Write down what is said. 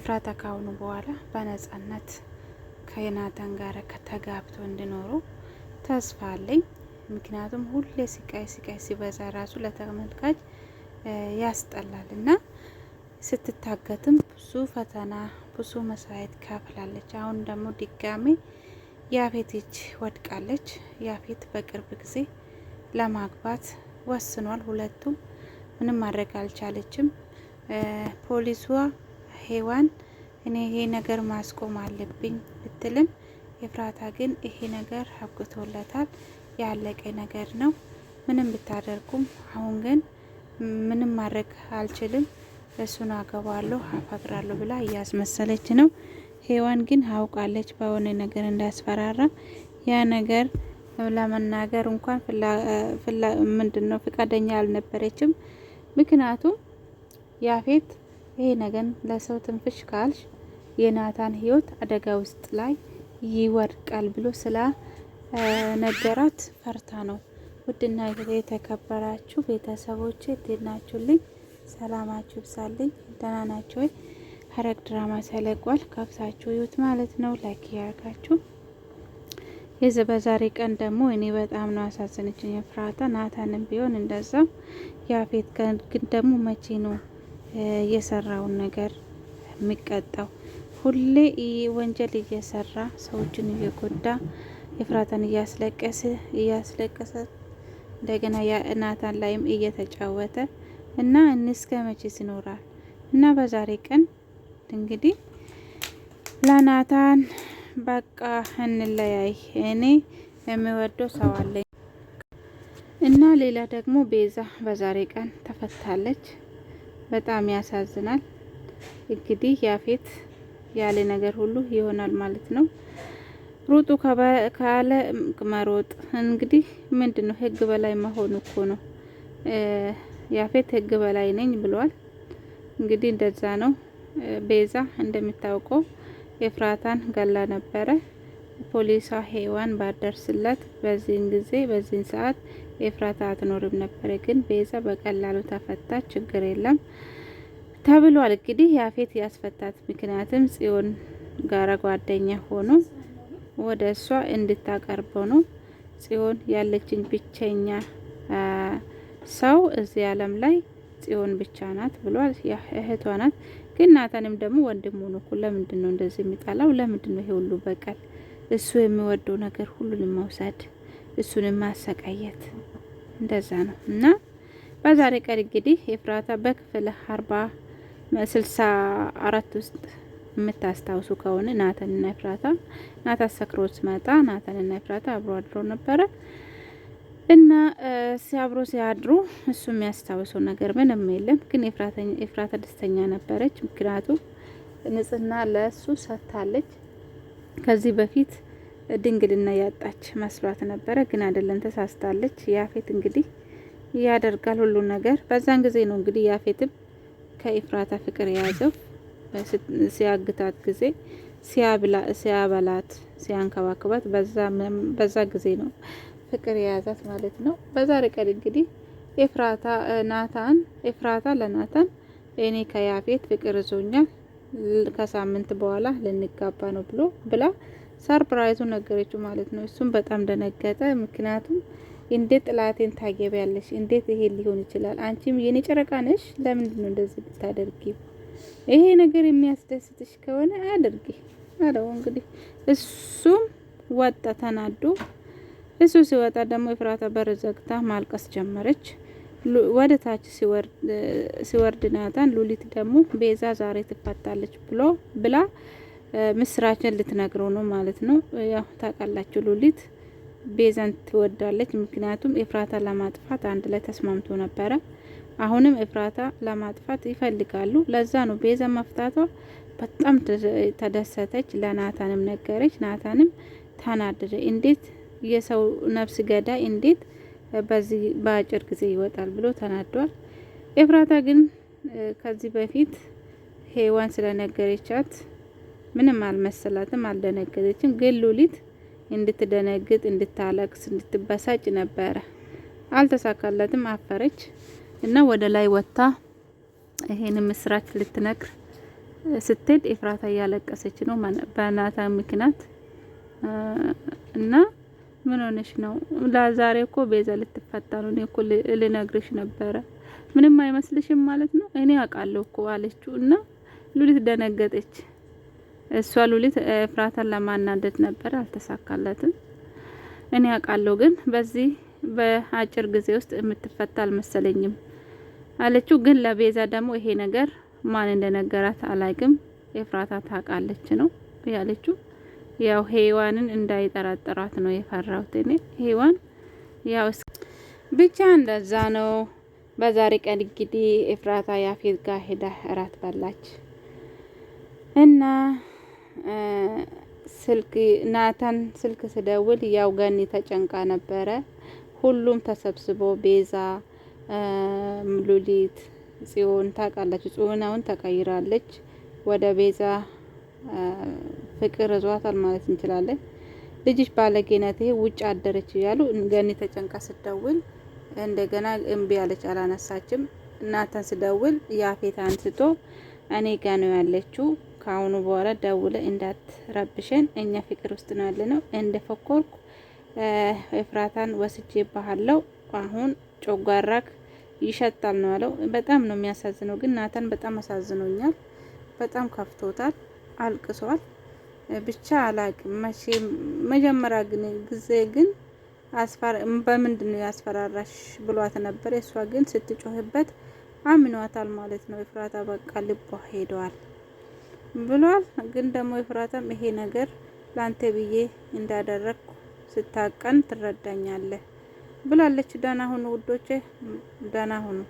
ኢፍራታ ካሁኑ በኋላ በነጻነት ከናታን ጋር ከተጋብቶ እንዲኖሩ ተስፋ አለኝ። ምክንያቱም ሁሌ ስቃይ ስቃይ ሲበዛ ራሱ ለተመልካች ያስጠላል እና ስትታገትም ብዙ ፈተና ብዙ መስዋዕት ካፍላለች። አሁን ደግሞ ድጋሜ ያፌት እጅ ወድቃለች። ያፌት በቅርብ ጊዜ ለማግባት ወስኗል። ሁለቱም ምንም ማድረግ አልቻለችም። ፖሊሷ ሄዋን እኔ ይሄ ነገር ማስቆም አለብኝ ብትልም ኤፍራታ ግን ይሄ ነገር አብቅቶለታል፣ ያለቀ ነገር ነው። ምንም ብታደርጉም አሁን ግን ምንም ማድረግ አልችልም፣ እሱን አገባለሁ፣ አፈቅራለሁ ብላ እያስመሰለች ነው። ሄዋን ግን አውቃለች በሆነ ነገር እንዳስፈራራ ያ ነገር ለመናገር እንኳን ምንድን ነው ፍቃደኛ አልነበረችም። ምክንያቱም ያፌት ይሄ ነገን ለሰው ትንፍሽ ካልሽ የናታን ህይወት አደጋ ውስጥ ላይ ይወድቃል ብሎ ስለ ነገራት ፈርታ ነው። ውድና የተከበራችሁ ቤተሰቦች ትናችሁልኝ፣ ሰላማችሁ ይብዛልኝ። ደህና ናችሁ ወይ? ሐረግ ድራማ ተለቋል። ካብሳችሁ ይሁት ማለት ነው። ላይክ ያርጋችሁ። የዚህ በዛሬ ቀን ደግሞ እኔ በጣም ነው አሳዘነችኝ። ፍራታ ናታንም ቢሆን እንደዛው ያፌት ግን ደግሞ መቼ ነው የሰራውን ነገር የሚቀጣው። ሁሌ ወንጀል እየሰራ ሰዎችን እየጎዳ የፍራታን እያስለቀሰ እያስለቀሰ እንደገና የእናታን ላይም እየተጫወተ እና እስከ መቼስ ይኖራል? እና በዛሬ ቀን እንግዲህ ለናታን በቃ እንለያይ፣ እኔ የሚወደው ሰው አለኝ እና ሌላ ደግሞ ቤዛ በዛሬ ቀን ተፈታለች። በጣም ያሳዝናል። እንግዲህ ያፌት ያለ ነገር ሁሉ ይሆናል ማለት ነው። ሩጡ ካለ መሮጥ እንግዲህ ምንድን ነው? ህግ በላይ መሆኑ እኮ ነው። ያፌት ህግ በላይ ነኝ ብሏል። እንግዲህ እንደዛ ነው። ቤዛ እንደሚታወቀው ኤፍራታን ገላ ነበረ። ፖሊሷ ሔዋን ባደርስለት በዚህን ጊዜ በዚህን ሰዓት ኤፍራታ አትኖርም ነበረ። ግን ቤዛ በቀላሉ ተፈታ ችግር የለም ተብሏል። እንግዲህ ያፌት ያስፈታት ምክንያትም ጽዮን ጋራ ጓደኛ ሆኖ ወደ እሷ እንድታቀርበው ነው። ጽዮን ያለችን ብቸኛ ሰው እዚህ ዓለም ላይ ጽዮን ብቻ ናት ብሏል። እህቷ ናት። ግን ናታንም ደግሞ ወንድም ሆኖ እኮ ለምንድን ነው እንደዚህ የሚጣላው? ለምንድን ነው ይሄ ሁሉ በቀል? እሱ የሚወደው ነገር ሁሉንም መውሰድ፣ እሱንም ማሰቃየት እንደዛ ነው እና በዛሬ ቀን እንግዲህ የፍራታ በክፍል አርባ ስልሳ አራት ውስጥ የምታስታውሱ ከሆነ እና ፍራታ ናታ ሰክሮ ሲመጣ እና ፍራታ አብሮ አድሮ ነበረ እና ሲያብሮ ሲያድሩ እሱ የሚያስታውሰው ነገር ምንም የለም። ግን ኤፍራታ ደስተኛ ነበረች፣ ምክንያቱም ንጽህና ለእሱ ሰጥታለች። ከዚህ በፊት ድንግልና ያጣች መስሏት ነበረ፣ ግን አይደለም ተሳስታለች። ያፌት እንግዲህ ያደርጋል ሁሉ ነገር። በዛን ጊዜ ነው እንግዲህ ያፌትም ከኢፍራታ ፍቅር የያዘው ሲያግታት ጊዜ ሲያብላ ሲያበላት ሲያንከባክባት በዛ ጊዜ ነው ፍቅር የያዛት ማለት ነው። በዛሬ ቀን እንግዲህ ኤፍራታ ናታን ኤፍራታ ለናታን እኔ ከያፌት ፍቅር ይዞኛል ከሳምንት በኋላ ልንጋባ ነው ብሎ ብላ ሰርፕራይዙ ነገረችው ማለት ነው። እሱም በጣም ደነገጠ። ምክንያቱም እንዴት ጥላቴን ታገቢያለሽ? እንዴት ይሄ ሊሆን ይችላል? አንቺም የኔ ጨረቃ ነሽ። ለምንድን ነው እንደዚህ ብታደርጊ? ይሄ ነገር የሚያስደስትሽ ከሆነ አድርጊ አለው። እንግዲህ እሱም ወጣ ተናዶ። እሱ ሲወጣ ደግሞ የፍራታ በር ዘግታ ማልቀስ ጀመረች። ወደ ታች ሲወርድ ናታን ሉሊት ደግሞ ቤዛ ዛሬ ትፋታለች ብሎ ብላ ምስራችን ልትነግረው ነው ማለት ነው። ያው ታውቃላችሁ ሉሊት ቤዛን ትወዳለች። ምክንያቱም ኤፍራታ ለማጥፋት አንድ ላይ ተስማምቶ ነበረ። አሁንም ኤፍራታ ለማጥፋት ይፈልጋሉ። ለዛ ነው ቤዛ መፍታቷ በጣም ተደሰተች። ለናታንም ነገረች። ናታንም ተናደደ። እንዴት የሰው ነፍስ ገዳይ እንዴት በዚህ በአጭር ጊዜ ይወጣል ብሎ ተናዷል። ኤፍራታ ግን ከዚህ በፊት ሄዋን ስለነገረቻት ምንም አልመሰላትም፣ አልደነገጠችም። ግን ሉሊት እንድትደነግጥ፣ እንድታለቅስ፣ እንድትበሳጭ ነበረ። አልተሳካለትም አፈረች እና ወደ ላይ ወጥታ ይሄን ምስራች ልትነግር ስትሄድ ኤፍራታ እያለቀሰች ነው በናታ ምክንያት እና ምን ሆነሽ ነው? ለዛሬ እኮ ቤዛ ልትፈታ ነው። እኔ እኮ ልነግርሽ ነበረ። ምንም አይመስልሽም ማለት ነው? እኔ አውቃለሁ እኮ አለችው እና ሉሊት ደነገጠች። እሷ ሉሊት ኤፍራታን ለማናደድ ነበር፣ አልተሳካለትም። እኔ አውቃለሁ ግን በዚህ በአጭር ጊዜ ውስጥ የምትፈታ አልመሰለኝም አለችው። ግን ለቤዛ ደግሞ ይሄ ነገር ማን እንደነገራት አላቅም፣ የፍራታ ታውቃለች ነው ያለችው። ያው ሄዋንን እንዳይጠራጠሯት ነው የፈራሁት እኔ ሄዋን ያው ብቻ እንደዛ ነው። በዛሬ ቀን እንግዲህ ኤፍራታ ያፌት ጋር ሄዳ እራት በላች እና ስልክ ናታን ስልክ ስደውል ያው ገኒ ተጨንቃ ነበረ። ሁሉም ተሰብስቦ ቤዛ፣ ምሉሊት፣ ጽዮን ታውቃለች። ጽዮን አሁን ተቀይራለች ወደ ቤዛ ፍቅር እዟታል ማለት እንችላለን። ልጅሽ ባለጌነት ይሄ ውጭ አደረች እያሉ ገኒ ተጨንቃ ስደውል እንደገና እምቢ ያለች አላነሳችም። እናተን ስደውል ያፌት አንስቶ እኔ ጋ ነው ያለችው ከአሁኑ በኋላ ደውለ እንዳትረብሸን እኛ ፍቅር ውስጥ ነው ያለ ነው እንደ ፈኮርኩ ኤፍራታን ወስጄ ባህለው አሁን ጮጓራክ ይሸጣል ነው ያለው። በጣም ነው የሚያሳዝነው። ግን ናታን በጣም አሳዝኖኛል። በጣም ከፍቶታል፣ አልቅሷል። ብቻ አላቅም። መቼ መጀመሪያ ግን ጊዜ ግን አስፈራ በምንድን ነው ያስፈራራሽ ብሏት ነበር። እሷ ግን ስትጮህበት አምኗታል ማለት ነው። ኤፍራታ በቃ ልቧ ሄደዋል ብሏል። ግን ደግሞ ኤፍራታም ይሄ ነገር ላንተ ብዬ እንዳደረግኩ ስታቀን ትረዳኛለህ ብላለች። ደህና ሁኑ ውዶቼ፣ ደህና ሁኑ።